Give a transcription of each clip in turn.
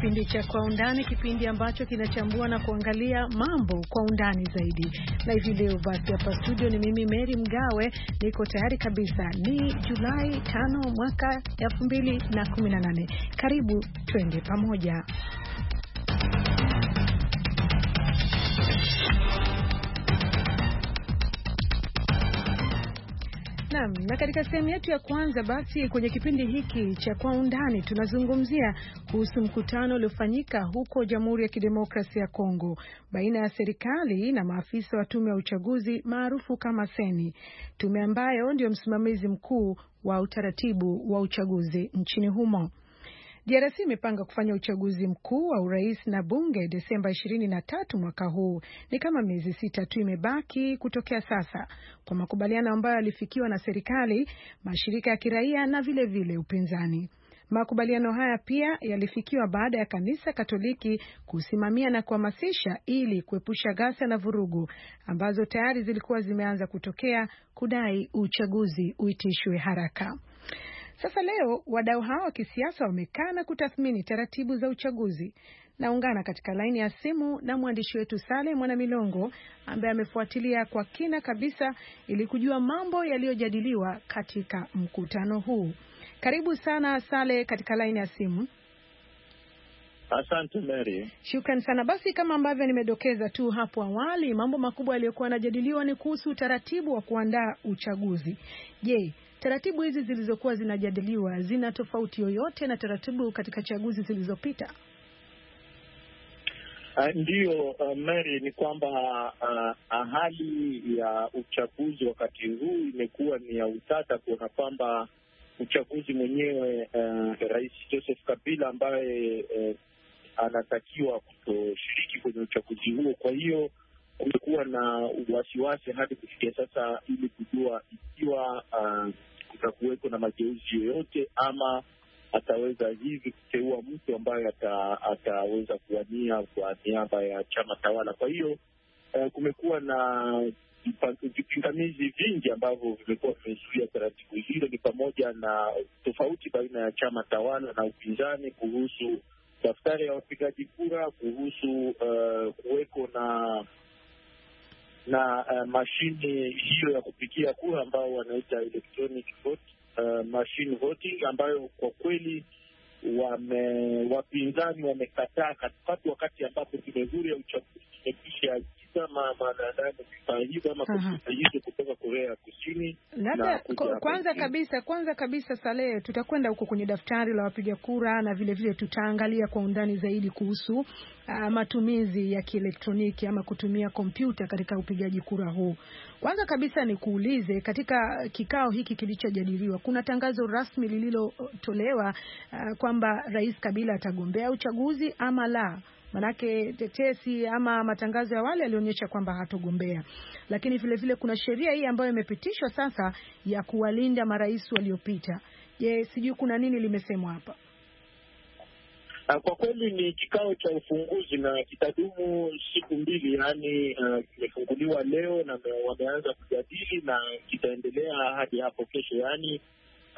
kipindi cha Kwa Undani, kipindi ambacho kinachambua na kuangalia mambo kwa undani zaidi. Na hivi leo basi, hapa studio ni mimi Mary Mgawe, niko tayari kabisa. Ni Julai 5 mwaka nane. Karibu twende pamoja. Naam, na katika sehemu yetu ya kwanza basi kwenye kipindi hiki cha kwa undani tunazungumzia kuhusu mkutano uliofanyika huko Jamhuri ya Kidemokrasia ya Kongo baina ya serikali na maafisa wa tume ya uchaguzi maarufu kama Seni, tume ambayo ndio msimamizi mkuu wa utaratibu wa uchaguzi nchini humo. DRC imepanga kufanya uchaguzi mkuu wa urais na bunge Desemba 23 mwaka huu. Ni kama miezi sita tu imebaki kutokea sasa, kwa makubaliano ambayo yalifikiwa na serikali, mashirika ya kiraia na vilevile vile upinzani. Makubaliano haya pia yalifikiwa baada ya kanisa Katoliki kusimamia na kuhamasisha ili kuepusha ghasia na vurugu ambazo tayari zilikuwa zimeanza kutokea, kudai uchaguzi uitishwe haraka. Sasa leo wadau hawa wa kisiasa wamekaa na kutathmini taratibu za uchaguzi. Naungana katika laini ya simu na mwandishi wetu Sale Mwanamilongo ambaye amefuatilia kwa kina kabisa ili kujua mambo yaliyojadiliwa katika mkutano huu. Karibu sana Sale katika laini ya simu. Asante Mary. Shukran sana. Basi, kama ambavyo nimedokeza tu hapo awali, mambo makubwa yaliyokuwa yanajadiliwa ni kuhusu utaratibu wa kuandaa uchaguzi. Je, Taratibu hizi zilizokuwa zinajadiliwa zina tofauti yoyote na taratibu katika chaguzi zilizopita? Uh, ndiyo uh, Mary, ni kwamba uh, hali ya uchaguzi wakati huu imekuwa ni ya utata kuona kwamba uchaguzi mwenyewe uh, Rais Joseph Kabila ambaye uh, anatakiwa kutoshiriki kwenye uchaguzi huo, kwa hiyo kumekuwa na wasiwasi hadi kufikia sasa, ili kujua ikiwa uh, kutakuweko na mageuzi yoyote ama ataweza hivi kuteua mtu ambaye ata, ataweza kuwania kwa niaba ya chama tawala. Kwa hiyo uh, kumekuwa na vipingamizi vingi ambavyo vimekuwa vimezuia taratibu hilo, ni pamoja na tofauti baina ya chama tawala na upinzani kuhusu daftari ya wapigaji kura, kuhusu uh, kuweko na na uh, eh, mashine hiyo ya kupigia kura ambao wanaita electronic vote, uh, machine voting ambayo kwa kweli wame, wapinzani wamekataa katikati, wakati ambapo tume huru ya uchaguzi imekwisha kama mwanadamu vifaa ama kompyuta kutoka Korea ya Kusini. Labda kwanza kabisa, kwanza kabisa, Salehe, tutakwenda huko kwenye daftari la wapiga kura na vile vile tutaangalia kwa undani zaidi kuhusu uh, matumizi ya kielektroniki ama kutumia kompyuta katika upigaji kura huu. Kwanza kabisa nikuulize, katika kikao hiki kilichojadiliwa, kuna tangazo rasmi lililotolewa uh, kwamba Rais Kabila atagombea uchaguzi ama la? Manake tetesi ama matangazo ya wale yalionyesha kwamba hatogombea, lakini vile vile kuna sheria hii ambayo imepitishwa sasa ya kuwalinda marais waliopita. Je, sijui kuna nini limesemwa hapa? Ah, kwa kweli ni kikao cha ufunguzi na kitadumu siku mbili, yaani ah, kimefunguliwa uh, leo na wameanza kujadili na kitaendelea hadi hapo kesho, yaani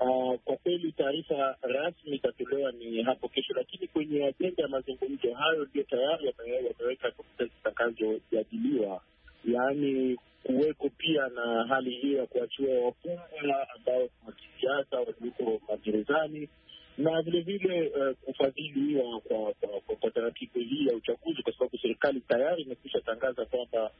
Uh, kwa kweli taarifa rasmi itatolewa ni hapo kesho, lakini kwenye ajenda ya mazungumzo hayo ndio tayari yameweka nukta zitakazojadiliwa, yaani kuweko pia na hali hiyo ya kuachiwa wafungwa ambao wa kisiasa walioko magerezani na vilevile uh, eh, kufadhiliwa kwa kwa taratibu hii ya uchaguzi, kwa sababu serikali tayari imekwisha tangaza kwamba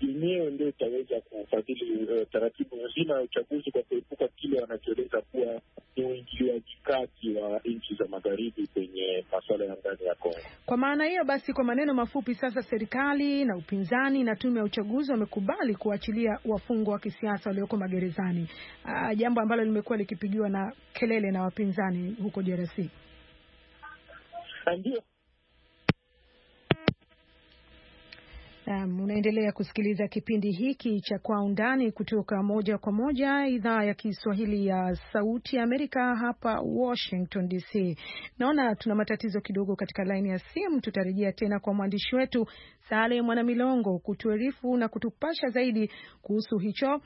yenyewe ndio itaweza kufadhili uh, eh, taratibu nzima ya uchaguzi kwa kuepuka kile wanachoeleza kuwa ni uingiliaji kati wa nchi za magharibi kwenye masuala ya ndani ya Kongo. Kwa maana hiyo basi, kwa maneno mafupi, sasa serikali na upinzani na tume ya uchaguzi wamekubali kuachilia wafungwa wa kisiasa walioko magerezani, uh, jambo ambalo limekuwa likipigiwa na kelele na wapinzani huko DRC. Ah, ndio Um, unaendelea kusikiliza kipindi hiki cha Kwa Undani kutoka moja kwa moja idhaa ya Kiswahili ya Sauti ya Amerika hapa Washington DC. Naona tuna matatizo kidogo katika laini ya simu, tutarejea tena kwa mwandishi wetu Sale Mwanamilongo kutuarifu na kutupasha zaidi kuhusu hicho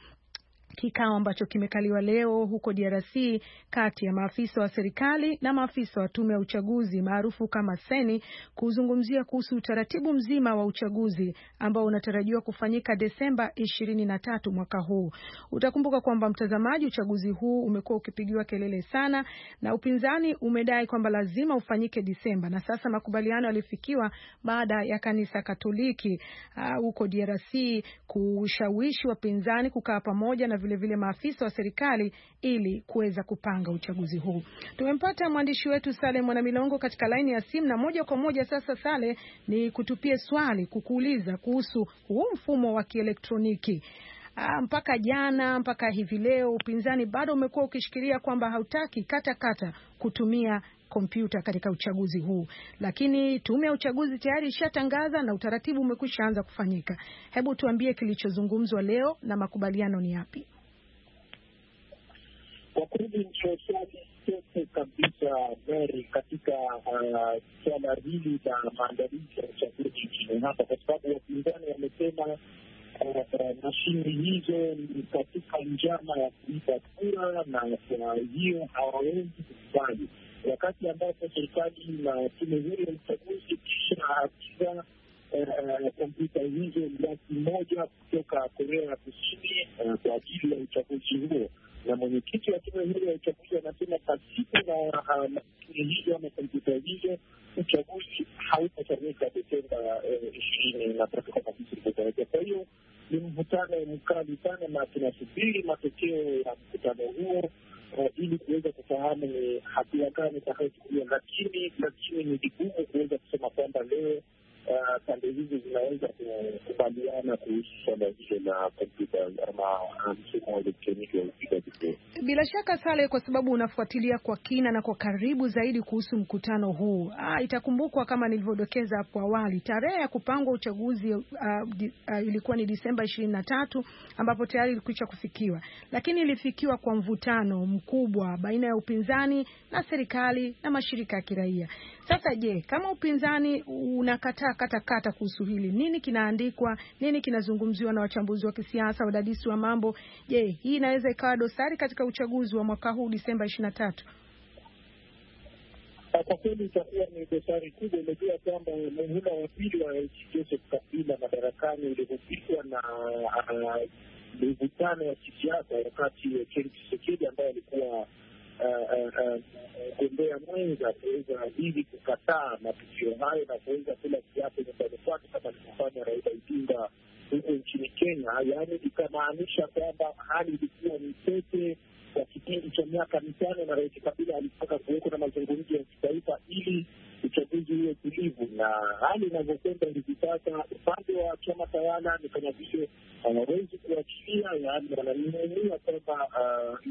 Kikao ambacho kimekaliwa leo huko DRC kati ya maafisa wa serikali na maafisa wa tume ya uchaguzi maarufu kama Seni kuzungumzia kuhusu utaratibu mzima wa uchaguzi ambao unatarajiwa kufanyika Desemba 23 mwaka huu. Utakumbuka kwamba mtazamaji, uchaguzi huu umekuwa ukipigiwa kelele sana na upinzani umedai kwamba lazima ufanyike Desemba, na sasa makubaliano yalifikiwa baada ya kanisa Katoliki ah, huko uh, DRC kushawishi wapinzani kukaa pamoja na vilevile vile maafisa wa serikali ili kuweza kupanga uchaguzi huu. Tumempata mwandishi wetu Sale Mwanamilongo katika laini ya simu, na moja kwa moja sasa, Sale, ni kutupie swali kukuuliza kuhusu huu mfumo wa kielektroniki. Aa, ah, mpaka jana mpaka hivi leo upinzani bado umekuwa ukishikilia kwamba hautaki kata kata kutumia kompyuta katika uchaguzi huu, lakini tume ya uchaguzi tayari ishatangaza na utaratibu umekwisha anza kufanyika. Hebu tuambie kilichozungumzwa leo na makubaliano ni yapi? Kwa kweli msheshaji tete kabisa Meri, katika uh, swala hili la maandalizi ya uchaguzi nchini hapa, kwa sababu wapinzani wamesema uh, uh, mashini hizo ni katika njama ya kuiba kura, na kwa hiyo hawawezi kukubali, wakati ambapo serikali na tume huru ya uchaguzi kisha agiza kompyuta hizo laki moja kutoka Korea ya Kusini kwa ajili ya uchaguzi huo na mwenyekiti wa tume huru ya uchaguzi anasema pasipo na mashine uh, hizo ama kompyuta hizo uchaguzi hautafanyika Desemba eh, ishirini na tatu kama jinsi ilivyotarajia. Kwa hiyo ni mvutano mkali sana, na tunasubiri matokeo ya mkutano huo eh, ili kuweza kufahamu ni hatua gani itakayochukuliwa, lakini lakini ni vigumu kuweza kusema kwamba leo pande hizi zinaweza kukubaliana kuhusu swala hilo la kompyuta ama mfumo wa Bila shaka Sale, kwa sababu unafuatilia kwa kina na kwa karibu zaidi kuhusu mkutano huu. Ah, itakumbukwa kama nilivyodokeza hapo awali, tarehe ya kupangwa uchaguzi uh, di, uh, ilikuwa ni Disemba ishirini na tatu ambapo tayari ilikwisha kufikiwa, lakini ilifikiwa kwa mvutano mkubwa baina ya upinzani na serikali na mashirika ya kiraia. Sasa je, kama upinzani unakataa katakata kuhusu hili, nini kinaandikwa, nini kinazungumziwa na wachambuzi wa kisiasa, wadadisi wa mambo? Je, hii inaweza ikawa dosari katika uchaguzi wa mwaka huu Disemba ishirini na tatu? Kwa kweli itakuwa ni dosari kubwa. Imejua kwamba muhula wa pili wa Joseph Kabila madarakani ulivyopitwa na uh, mivutano ya kisiasa wakati Ken Tshisekedi ambaye alikuwa uh, uh, mgombea mwenza kuweza hivi kukataa matukio hayo na kuweza kula kiapo nyumbani kwake huko nchini Kenya, yaani ikamaanisha kwamba hali ilikuwa ni tete kwa kipindi cha miaka mitano, na Rais Kabila alitaka kuweko na mazungumzo ya kitaifa ili uchaguzi huo tulivu, na hali inavyokwenda hivi sasa, upande wa chama tawala ni kama vile hawawezi kuachilia, yaani wananing'ania kwamba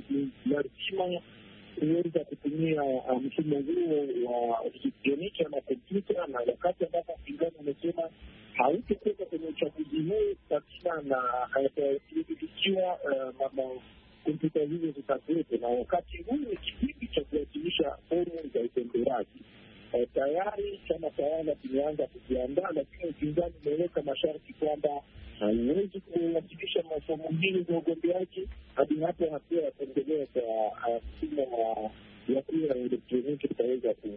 ni lazima kuweza kutumia mfumo huo wa elektroniki ama kompyuta, na wakati ambapo mpinzani amesema haitokuja kwenye uchaguzi huu kabisa, na eh, mama kompyuta hizo zitakuwepo, na wakati huu ni kipindi cha kuwasilisha fomu za utembeaji. Eh, tayari chama tawala kimeanza kujiandaa, lakini upinzani umeweka masharti kwamba haiwezi kuwasilisha mafomu hizo za ugombeaji hadi hapo hatua ya kuendelea kwa eh, mfumo wa ya kura ya elektroniki utaweza ku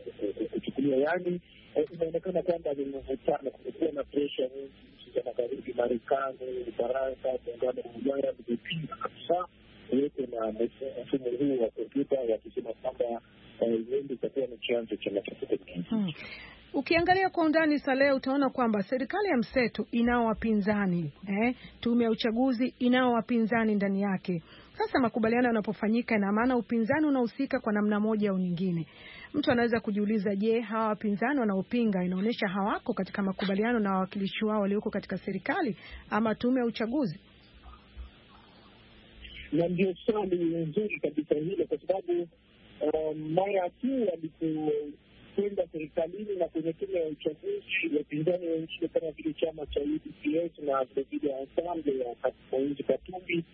yaani eh, inaonekana kwamba ni mvutano Kumekuwa na presha nyingi nchi za magharibi, Marekani, Ufaransa, muungano wa Ulaya vimepinga kabisa uwepo na mfumo huu wa kompyuta, wakisema kwamba eh, huenda itakuwa ni chanzo cha machafuko mengi. Hmm. Ukiangalia kwa undani saleh utaona kwamba serikali ya mseto inao wapinzani eh, tume ya uchaguzi inao wapinzani ndani yake. Sasa makubaliano yanapofanyika, ina maana upinzani unahusika kwa namna moja au nyingine. Mtu anaweza kujiuliza, je, hawa wapinzani wanaopinga inaonyesha hawako katika makubaliano na wawakilishi wao walioko katika serikali ama tume ya uchaguzi? Na ndio swali nzuri kabisa hilo, kwa sababu um, mara tu kwenda serikalini na kwenye tume ya uchaguzi, wapinzani wengine kama vile chama cha UDPS na vilevile Ensemble ya Kaonji Katumbi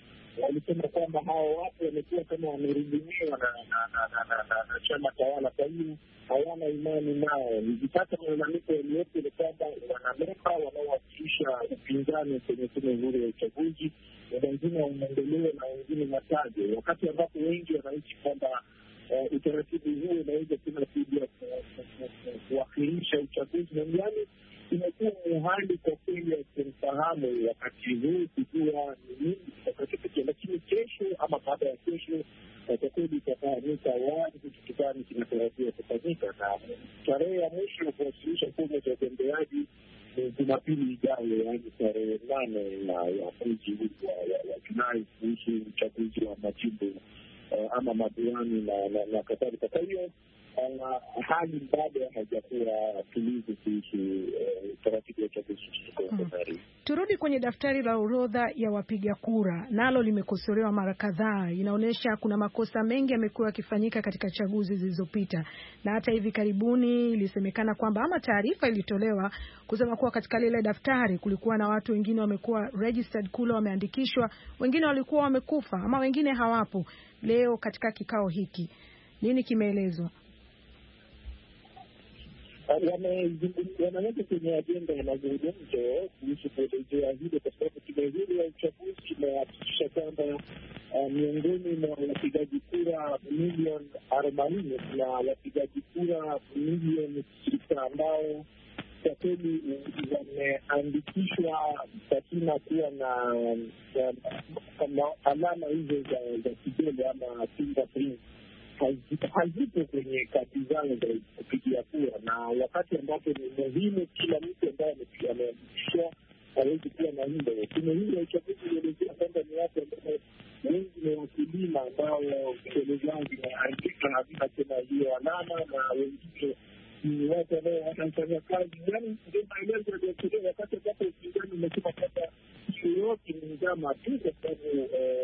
walisema kwamba hao watu wamekuwa kama wamerudumiwa na chama tawala, kwa hiyo hawana imani nao. Hivi sasa malalamiko yaliyopo ni kwamba wanamemba wanaowakilisha upinzani kwenye tume huru ya uchaguzi, wengine waondolewe na wengine watajwe, wakati ambapo wengi wanaishi kwamba Eh, utaratibu huo unaweza tena kuja kuwakilisha uchaguzi namgani. Imekuwa muhali kwa kweli wakumfahamu wakati huu kujua ni nini kitakachopikia, lakini kesho ama baada ya kesho kwa kweli itafahamika wazi kitu gani kinatarajiwa kufanyika, na tarehe ya mwisho ya kuwasilisha fomu za ugombeaji ni Jumapili ijayo, yaani tarehe nane ya mwezi huu wa Julai kuhusu uchaguzi wa majimbo Eh, ama madiwani na kadhalika. Kwa hiyo hali bado haijakuwa tulivu kuhusu eh, taratibu ya uchaguzi. Hmm. Turudi kwenye daftari la orodha ya wapiga kura, nalo limekosolewa mara kadhaa. Inaonyesha kuna makosa mengi yamekuwa yakifanyika katika chaguzi zilizopita, na hata hivi karibuni ilisemekana kwamba ama taarifa ilitolewa kusema kuwa katika lile daftari kulikuwa na watu wengine wamekuwa registered kule, wameandikishwa, wengine walikuwa wamekufa ama wengine hawapo. Leo katika kikao hiki nini kimeelezwa? wanaweka ah, kwenye ajenda ya mazungumzo kuhusu kuelezea hilo, kwa sababu tume huru ya uchaguzi kimehakikisha kwamba ah, miongoni mwa wapigaji kura milioni arobaini na wapigaji kura milioni sita ambao kwa kweli wameandikishwa pasina kuwa na alama hizo za kidole ama fingerprint hazipo kwenye kati zangu za kupigia kura, na wakati ambapo ni muhimu kila mtu ambaye ameandikishwa awezi kuwa na ile. Tume hii ya uchaguzi ilielezea kwamba ni watu ambao wengi ni wakulima ambao kele zao zimeharibika, havina tena hiyo alama, na wengine ni watu ambao wanafanya kazi. Yani ndio maelezo yaliyotolewa wakati ambapo upinzani umesema kwamba yoyote ni njama tu, kwa sababu eh,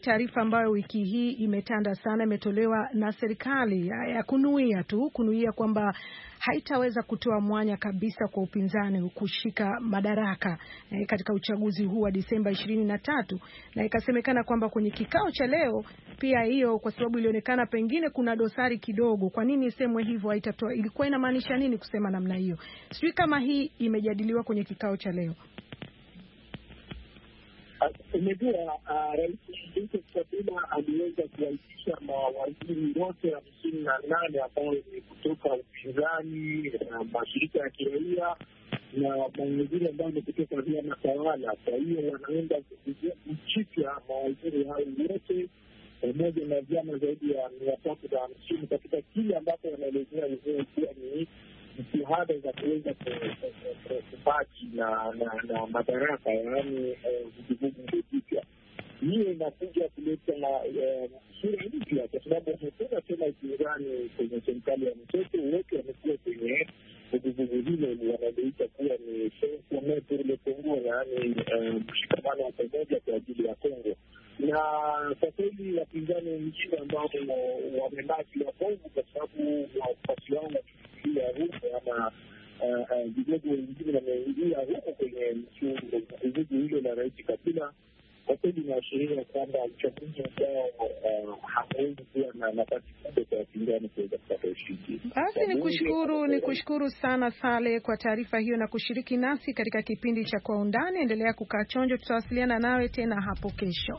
taarifa ambayo wiki hii imetanda sana imetolewa na serikali ya kunuia tu kunuia kwamba haitaweza kutoa mwanya kabisa kwa upinzani kushika madaraka e, katika uchaguzi huu wa Disemba ishirini na tatu, na ikasemekana kwamba kwenye kikao cha leo pia hiyo, kwa sababu ilionekana pengine kuna dosari kidogo. Kwa nini isemwe hivyo, haitatoa? Ilikuwa inamaanisha nini kusema namna hiyo? Sijui kama hii imejadiliwa kwenye kikao cha leo. Umejua uh, Rais Joseph Kabila aliweza kuwaitisha mawaziri wote hamsini na nane ambayo ni kutoka upinzani, uh, mashirika ya kiraia na mawaziri ambayo ni kutoka vyama tawala. Kwa hiyo wanaenda kuchipya mawaziri hayo yote pamoja na vyama zaidi ya mia tatu na hamsini katika kile ambapo wanaelezea kuwa ni jitihada za kuweza kubaki na na madaraka, yaani eh, vuguvugu ndio jipya. Hiyo inakuja kuleta eh, sura mpya, kwa sababu hakuna tena upinzani kwenye serikali ya mseto, wote wamekuwa kwenye sana Sale kwa taarifa hiyo na kushiriki nasi katika kipindi cha Kwa Undani. Endelea kukaa chonjo, tutawasiliana nawe tena hapo kesho.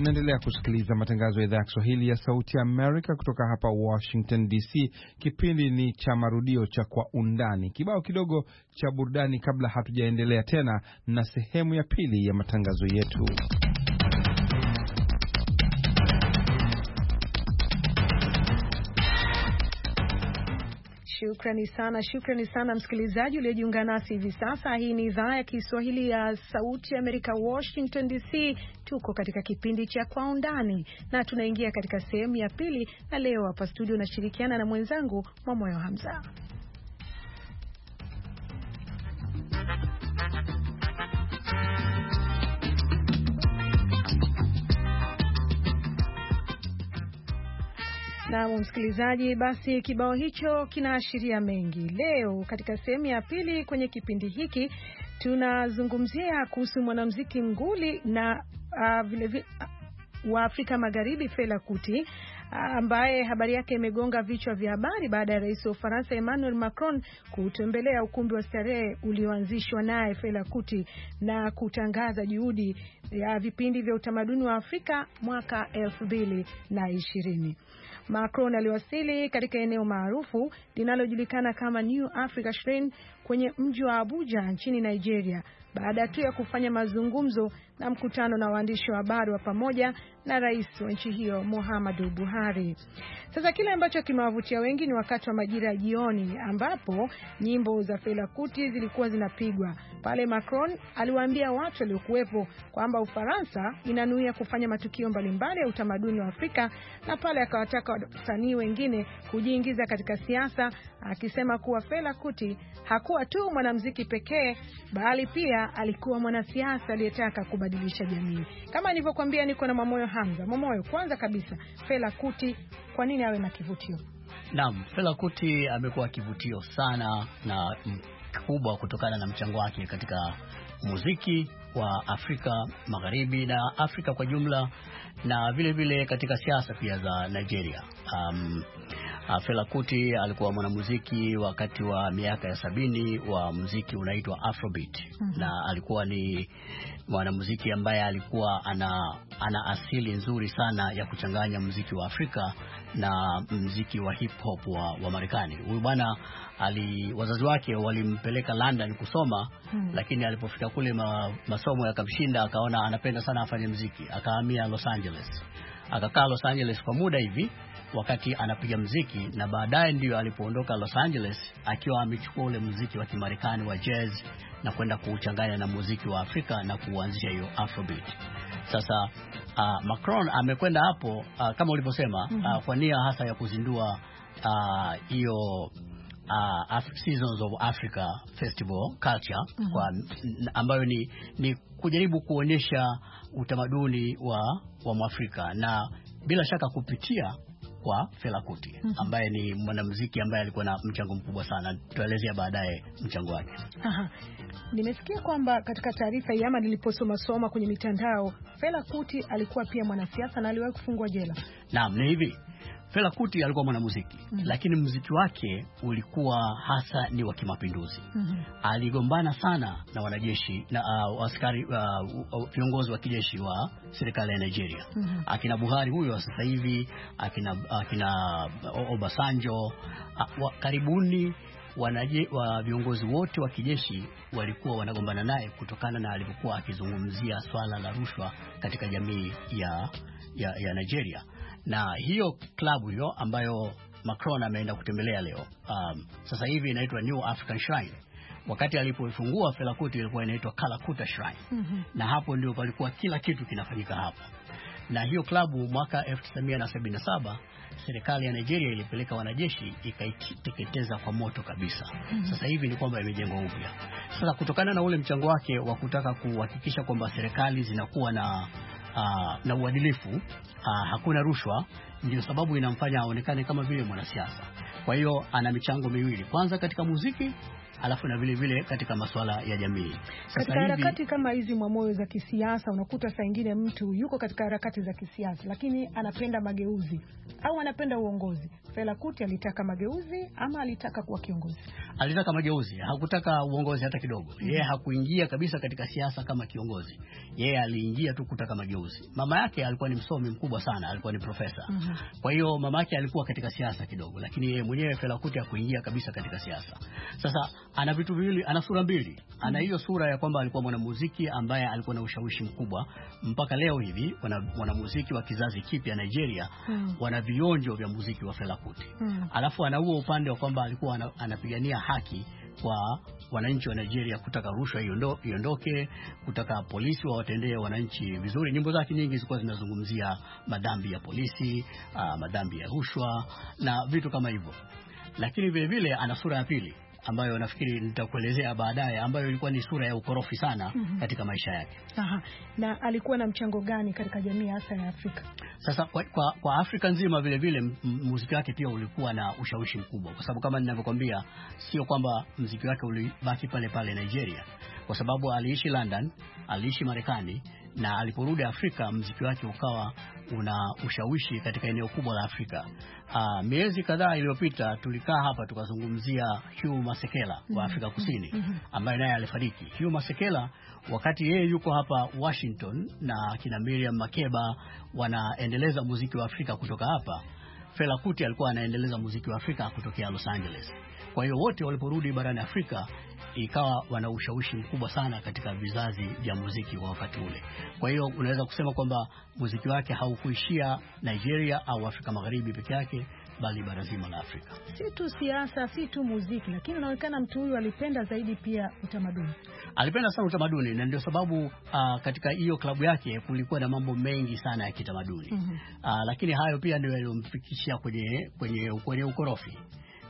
Naendelea kusikiliza matangazo ya idhaa ya Kiswahili ya Sauti ya Amerika kutoka hapa Washington DC. Kipindi ni cha marudio cha Kwa Undani. Kibao kidogo cha burudani kabla hatujaendelea tena na sehemu ya pili ya matangazo yetu. Shukrani sana, shukrani sana msikilizaji uliojiunga nasi hivi sasa. Hii ni idhaa ya Kiswahili ya Sauti Amerika, Washington DC. Tuko katika kipindi cha Kwa Undani na tunaingia katika sehemu ya pili, na leo hapa studio nashirikiana na mwenzangu Mwamoyo Hamza. Naam msikilizaji, basi kibao hicho kinaashiria mengi. Leo katika sehemu ya pili kwenye kipindi hiki tunazungumzia kuhusu mwanamuziki nguli na uh, vile, vile, uh, wa Afrika Magharibi Fela Kuti ambaye habari yake imegonga vichwa vya habari baada ya rais wa Ufaransa Emmanuel Macron kutembelea ukumbi wa starehe ulioanzishwa naye Fela Kuti na kutangaza juhudi ya vipindi vya utamaduni wa Afrika mwaka elfu mbili na ishirini. Macron aliwasili katika eneo maarufu linalojulikana kama New Africa Shrine kwenye mji wa Abuja nchini Nigeria baada tu ya kufanya mazungumzo na mkutano na waandishi wa habari wa pamoja na rais wa nchi hiyo Muhammadu Buhari. Sasa kile ambacho kimewavutia wengi ni wakati wa majira ya jioni, ambapo nyimbo za Fela Kuti zilikuwa zinapigwa pale. Macron aliwaambia watu waliokuwepo kwamba Ufaransa inanuia kufanya matukio mbalimbali ya utamaduni wa Afrika, na pale akawataka wasanii wengine kujiingiza katika siasa, akisema kuwa Fela Kuti hakuwa tu mwanamuziki pekee, bali pia alikuwa mwanasiasa aliyetaka kubadilisha jamii. Kama nilivyokuambia, niko na Mwamoyo Hamza. Mwamoyo, kwanza kabisa, Fela Kuti kwa nini awe na kivutio? Naam, Fela Kuti amekuwa kivutio sana na kubwa kutokana na mchango wake katika muziki wa Afrika Magharibi na Afrika kwa jumla na vile vile katika siasa pia za Nigeria. Um, Uh, Fela Kuti alikuwa mwanamuziki wakati wa miaka ya sabini wa muziki unaitwa Afrobeat mm -hmm. na alikuwa ni mwanamuziki ambaye alikuwa ana, ana asili nzuri sana ya kuchanganya muziki wa Afrika na muziki wa hip hop wa, wa Marekani. Huyu bwana ali wazazi wake walimpeleka London kusoma -hmm. lakini alipofika kule ma, masomo yakamshinda, akaona anapenda sana afanye muziki, akahamia Los Angeles akakaa Los Angeles kwa muda hivi wakati anapiga mziki na baadaye ndiyo alipoondoka Los Angeles akiwa amechukua ule mziki wa Kimarekani wa jazz na kwenda kuuchanganya na muziki wa Afrika na kuanzisha hiyo Afrobeat. Sasa uh, Macron amekwenda hapo uh, kama ulivyosema mm -hmm. uh, kwa nia hasa ya kuzindua hiyo uh, uh, Seasons of Africa Festival Culture mm -hmm. kwa, ambayo ni, ni kujaribu kuonyesha utamaduni wa, wa Mwafrika na bila shaka kupitia kwa Fela Kuti mm -hmm. ambaye ni mwanamuziki ambaye alikuwa na mchango mkubwa sana. Tutaelezea baadaye mchango wake. Nimesikia kwamba katika taarifa hii ama niliposoma soma kwenye mitandao, Fela Kuti alikuwa pia mwanasiasa na aliwahi kufungwa jela. Naam, ni hivi. Fela Kuti alikuwa mwanamuziki mm -hmm. Lakini muziki wake ulikuwa hasa ni wa kimapinduzi mm -hmm. Aligombana sana na wanajeshi na uh, askari uh, uh, viongozi uh, wa kijeshi wa serikali ya Nigeria mm -hmm. Akina Buhari huyo wa sasa hivi, akina, akina uh, Obasanjo uh, wa, karibuni wanaje, wa viongozi wote wa kijeshi walikuwa wanagombana naye kutokana na alivyokuwa akizungumzia swala la rushwa katika jamii ya, ya, ya Nigeria na hiyo klabu hiyo ambayo Macron ameenda kutembelea leo um, sasa hivi inaitwa New African Shrine. Wakati alipoifungua Fela ilikuwa inaitwa Kalakuta Shrine mm -hmm. na hapo ndio palikuwa kila kitu kinafanyika hapo, na hiyo klabu mwaka 1977 serikali ya Nigeria ilipeleka wanajeshi ikaiteketeza kwa moto kabisa mm -hmm. Sasa hivi ni kwamba imejengwa upya. Sasa kutokana na ule mchango wake wa kutaka kuhakikisha kwamba serikali zinakuwa na Ah, na uadilifu ah, hakuna rushwa, ndio sababu inamfanya aonekane kama vile mwanasiasa. Kwa hiyo ana michango miwili, kwanza katika muziki alafu na vile vile katika masuala ya jamii. Sasa katika harakati hivi... kama hizi mwamoyo za kisiasa, unakuta saa ingine mtu yuko katika harakati za kisiasa, lakini anapenda mageuzi au anapenda uongozi. Fela Kuti alitaka mageuzi ama alitaka kuwa kiongozi? Alitaka mageuzi, hakutaka uongozi hata kidogo. mm -hmm. Yeye hakuingia kabisa katika siasa kama kiongozi, yeye aliingia tu kutaka mageuzi. Mama yake alikuwa ni msomi mkubwa sana, alikuwa ni profesa. mm -hmm. Kwa hiyo mama yake alikuwa katika siasa kidogo, lakini yeye mwenyewe Fela Kuti hakuingia kabisa katika siasa. Sasa ana vitu viwili, ana sura mbili. Ana hiyo sura ya kwamba alikuwa mwanamuziki ambaye alikuwa na ushawishi mkubwa mpaka leo hivi. mwanamuziki wa kizazi kipya Nigeria mm. wana vionjo vya muziki wa Fela Kuti mm. alafu ana huo upande wa kwamba alikuwa anapigania haki kwa wananchi wa Nigeria, kutaka rushwa iondoke, kutaka polisi wawatendee wananchi vizuri. Nyimbo zake nyingi zilikuwa zinazungumzia madhambi ya polisi, uh, madhambi ya rushwa na vitu kama hivyo, lakini vilevile ana sura ya pili ambayo nafikiri nitakuelezea baadaye, ambayo ilikuwa ni sura ya ukorofi sana mm -hmm. katika maisha yake. Aha. Na alikuwa na mchango gani katika jamii hasa ya Afrika? Sasa kwa, kwa, kwa Afrika nzima vile vile muziki wake pia ulikuwa na ushawishi mkubwa, kwa sababu kama ninavyokwambia, sio kwamba muziki wake ulibaki pale pale Nigeria, kwa sababu aliishi London, aliishi Marekani na aliporudi Afrika mziki wake ukawa una ushawishi katika eneo kubwa la Afrika. Aa, ah, miezi kadhaa iliyopita tulikaa hapa tukazungumzia Hugh Masekela wa Afrika mm-hmm. Kusini mm-hmm. ambaye naye alifariki. Hugh Masekela wakati yeye yuko hapa Washington na kina Miriam Makeba wanaendeleza muziki wa Afrika kutoka hapa Fela Kuti alikuwa anaendeleza muziki wa Afrika kutokea Los Angeles. Kwa hiyo wote waliporudi barani Afrika ikawa wana ushawishi mkubwa sana katika vizazi vya muziki kwa wakati ule. Kwa hiyo unaweza kusema kwamba muziki wake haukuishia Nigeria au Afrika Magharibi peke yake bali bara zima la Afrika. Si tu siasa, si tu muziki, lakini unaonekana mtu huyu alipenda zaidi pia utamaduni. Alipenda sana utamaduni na ndio sababu uh, katika hiyo klabu yake kulikuwa na mambo mengi sana ya kitamaduni. Mm -hmm. Uh, lakini hayo pia ndio yaliyomfikishia kwenye, kwenye, kwenye ukorofi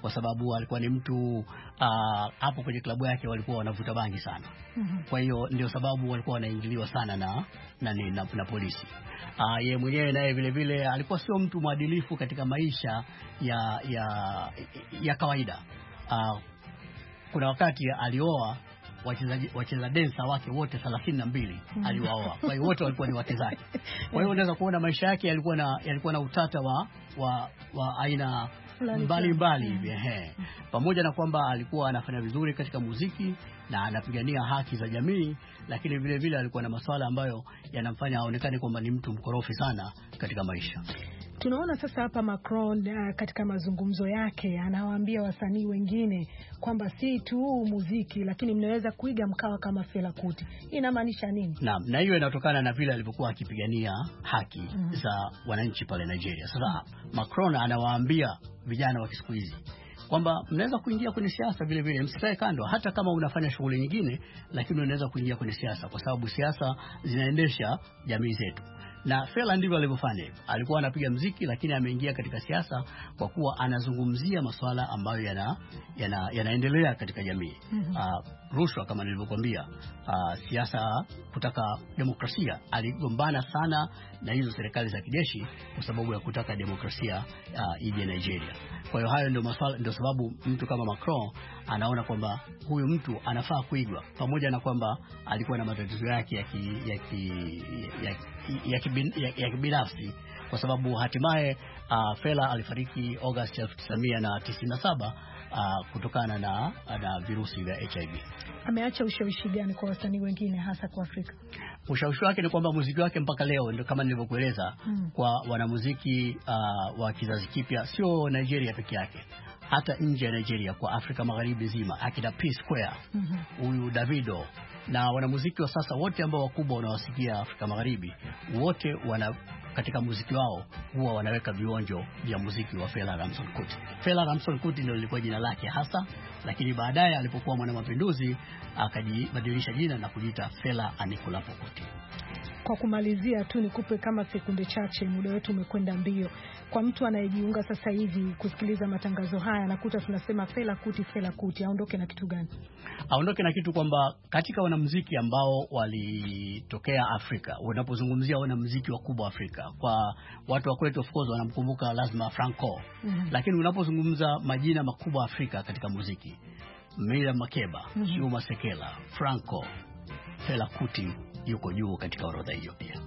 kwa sababu alikuwa ni mtu ah, hapo, kwenye klabu yake walikuwa wanavuta bangi sana. Mhm. Kwa hiyo ndio sababu walikuwa wanaingiliwa sana na na, na, na polisi. Ah, yeye mwenyewe naye vile vile alikuwa sio mtu mwadilifu katika maisha ya ya, ya kawaida. uh, kuna wakati alioa wacheza densa wake wote 32 mhm. aliwaoa. Kwa hiyo wote walikuwa ni wake zake. Kwa hiyo unaweza kuona maisha yake yalikuwa na yalikuwa na utata wa wa, wa aina mbalimbali mm. hivi ehe, pamoja na kwamba alikuwa anafanya vizuri katika muziki na anapigania haki za jamii, lakini vile vile alikuwa na masuala ambayo yanamfanya aonekane kwamba ni mtu mkorofi sana katika maisha. Tunaona sasa hapa Macron uh, katika mazungumzo yake anawaambia wasanii wengine kwamba si tu muziki, lakini mnaweza kuiga mkawa kama Fela Kuti. Inamaanisha nini? Naam, na hiyo inatokana na vile alivyokuwa akipigania haki mm -hmm. za wananchi pale Nigeria. Sasa Macron anawaambia vijana wa siku hizi kwamba mnaweza kuingia kwenye siasa vile vile, msikae kando, hata kama unafanya shughuli nyingine, lakini unaweza kuingia kwenye siasa, kwa sababu siasa zinaendesha jamii zetu na Fela ndivyo alivyofanya hivyo. Alikuwa anapiga mziki, lakini ameingia katika siasa kwa kuwa anazungumzia masuala ambayo yana, yana, yanaendelea katika jamii mm -hmm. Uh, rushwa kama nilivyokuambia, uh, siasa, kutaka demokrasia. Aligombana sana na hizo serikali za kijeshi kwa sababu ya kutaka demokrasia uh, ije Nigeria. Kwa hiyo hayo ndio ndio sababu mtu kama Macron anaona kwamba huyu mtu anafaa kuigwa, pamoja na kwamba alikuwa na matatizo yake ya ki, ya ki, ya ki, ya, kibin, ya, ya kibinafsi kwa sababu hatimaye uh, Fela alifariki Agosti 1997 uh, kutokana na, na virusi vya HIV. Ameacha ushawishi gani kwa wasanii wengine hasa kwa Afrika? Ushawishi wake ni kwamba muziki wake mpaka leo ndio kama nilivyokueleza, hmm, kwa wanamuziki uh, wa kizazi kipya, sio Nigeria peke yake hata nje ya Nigeria kwa Afrika Magharibi nzima, akina P Square mhm. huyu mm -hmm. Davido na wanamuziki wa sasa wote ambao wakubwa wanawasikia Afrika Magharibi wote wana katika muziki wao huwa wanaweka vionjo vya muziki wa Fela Ramson Kuti. Fela Ramson Kuti ndio lilikuwa jina lake hasa, lakini baadaye alipokuwa mwanamapinduzi akajibadilisha jina na kujiita Fela Anikulapo Kuti kwa kumalizia tu nikupe kama sekunde chache, muda wetu umekwenda mbio. Kwa mtu anayejiunga sasa hivi kusikiliza matangazo haya, nakuta tunasema Fela Kuti, Fela Kuti, aondoke na kitu gani? Aondoke na kitu kwamba katika wanamuziki ambao walitokea Afrika, unapozungumzia wanamuziki wakubwa Afrika, kwa watu wa kwetu of course wanamkumbuka lazima Franco mm -hmm. Lakini unapozungumza majina makubwa Afrika katika muziki, Miriam Makeba, mhm. Juma mm -hmm. Sekela, Franco, Fela Kuti yuko juu katika orodha hiyo pia.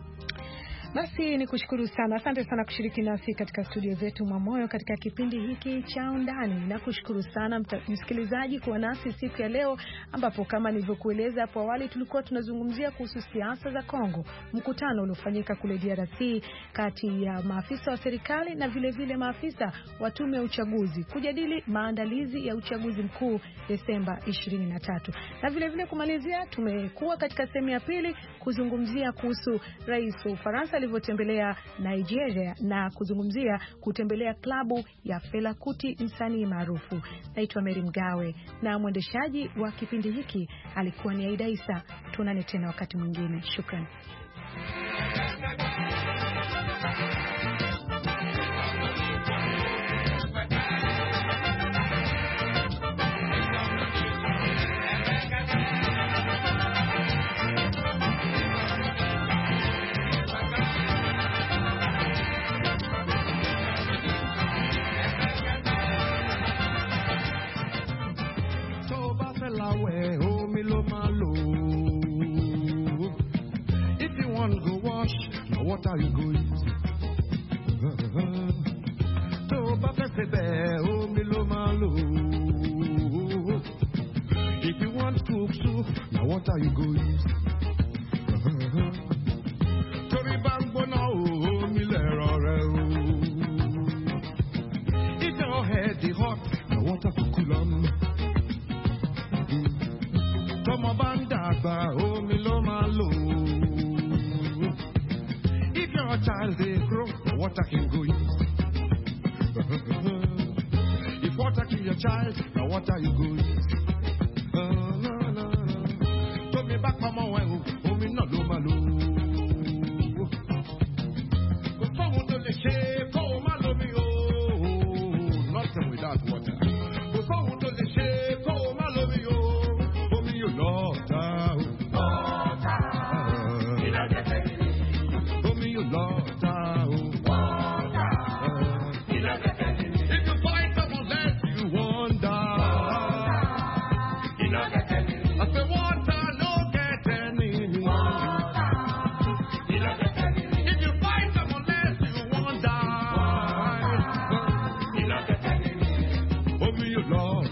Basi ni kushukuru sana, asante sana kushiriki nasi katika studio zetu Mwamoyo katika kipindi hiki cha Undani. Nakushukuru sana msikilizaji kuwa nasi siku ya leo, ambapo kama nilivyokueleza hapo awali tulikuwa tunazungumzia kuhusu siasa za Kongo, mkutano uliofanyika kule DRC kati ya maafisa wa serikali na vilevile vile maafisa wa tume ya uchaguzi kujadili maandalizi ya uchaguzi mkuu Desemba 23 na vilevile vile kumalizia, tumekuwa katika sehemu ya pili kuzungumzia kuhusu rais wa Ufaransa alivyotembelea Nigeria na kuzungumzia kutembelea klabu ya Fela Kuti, msanii maarufu. Naitwa Meri Mgawe na mwendeshaji wa kipindi hiki alikuwa ni Aida Isa. Tuonane tena wakati mwingine, shukran. Delaware, omi ló máa lò. If you want to wash, na water you go use. Tó o bá fẹ́ ṣe bẹ́ẹ̀, omi ló máa lò. If you want cook soup, na water you go use. tọmọ bá ń dàgbà omi ló máa lò. If your child dey grow, water him go use. If water kill your child, na water you go use. Lord